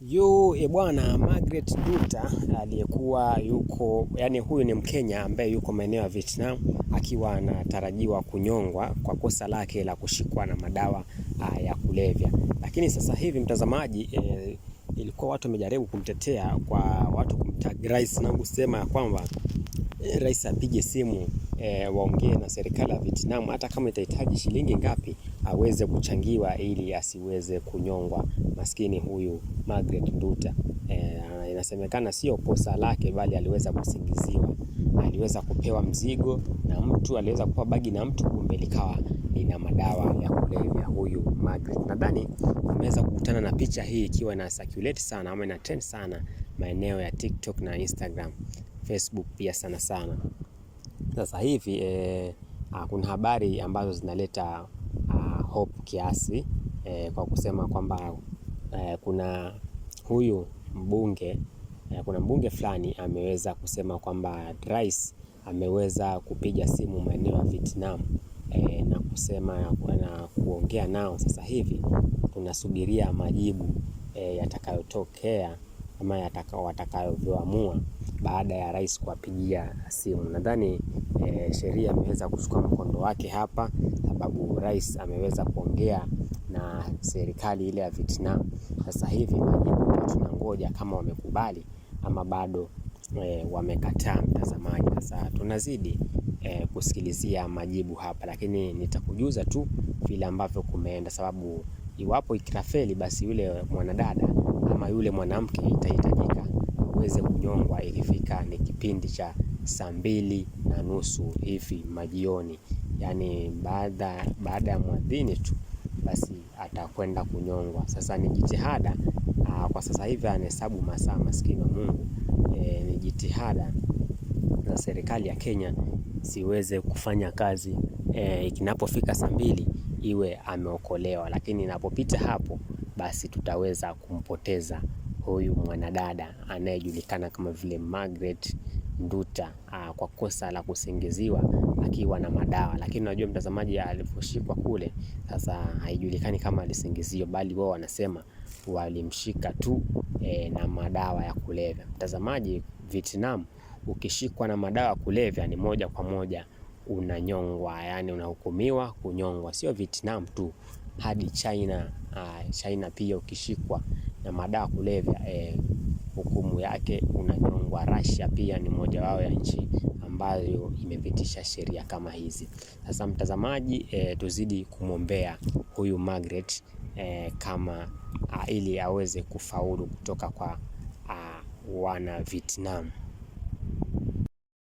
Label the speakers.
Speaker 1: Yu e bwana Margaret Duta aliyekuwa yuko yani, huyu ni Mkenya ambaye yuko maeneo ya Vietnam akiwa anatarajiwa kunyongwa kwa kosa lake la kushikwa na madawa aa, ah, ya kulevya. Lakini sasa hivi mtazamaji, e, ilikuwa watu wamejaribu kumtetea kwa watu kumtag rais na kusema ya kwamba e, rais apige simu e, waongee na serikali ya Vietnam hata kama itahitaji shilingi ngapi aweze kuchangiwa ili asiweze kunyongwa maskini huyu Margaret Nduta. E, inasemekana sio kosa lake, bali aliweza kusingiziwa, aliweza kupewa mzigo na mtu, aliweza kupewa bagi na mtu, kumbe likawa lina madawa ya kulevya. Huyu Margaret, nadhani umeweza kukutana na picha hii ikiwa na circulate sana ama ina trend sana maeneo ya TikTok na Instagram, Facebook pia sana sana. Sasa hivi eh, kuna habari ambazo zinaleta hope kiasi eh, kwa kusema kwamba eh, kuna huyu mbunge eh, kuna mbunge fulani ameweza kusema kwamba rais ameweza kupiga simu maeneo ya Vietnam eh, na kusema na kuongea nao. Sasa hivi tunasubiria majibu eh, yatakayotokea ama watakavyoamua baada ya rais kuwapigia simu. Nadhani e, sheria ameweza kuchukua mkondo wake hapa, sababu rais ameweza kuongea na serikali ile ya Vietnam. Sasa hivi majibu tunangoja kama wamekubali ama bado e, wamekataa. Mtazamaji, sasa tunazidi e, kusikilizia majibu hapa, lakini nitakujuza tu vile ambavyo kumeenda, sababu Iwapo ikitafeli, basi yule mwanadada ama yule mwanamke itahitajika aweze kunyongwa ikifika ni kipindi cha saa mbili na nusu hivi majioni, yaani baada baada ya mwadhini tu basi atakwenda kunyongwa. Sasa ni jitihada ah, kwa sasa hivi anahesabu masaa, maskini wa Mungu. E, ni jitihada za serikali ya Kenya siweze kufanya kazi eh, kinapofika saa mbili iwe ameokolewa, lakini inapopita hapo, basi tutaweza kumpoteza huyu mwanadada anayejulikana kama vile Margaret Nduta aa, ah, kwa kosa la kusingiziwa akiwa na madawa. Lakini unajua mtazamaji, aliposhikwa kule sasa, haijulikani kama alisingiziwa, bali wao wanasema walimshika tu e, na madawa ya kulevya. Mtazamaji, Vietnam ukishikwa na madawa ya kulevya ni moja kwa moja unanyongwa, yani unahukumiwa kunyongwa. Sio Vietnam tu, hadi China. Uh, China pia ukishikwa na madawa kulevya eh, hukumu yake unanyongwa. Russia pia ni moja wao ya nchi ambayo imepitisha sheria kama hizi. Sasa mtazamaji, eh, tuzidi kumwombea huyu Margaret eh, kama ah, ili aweze kufaulu kutoka kwa ah, wana Vietnam.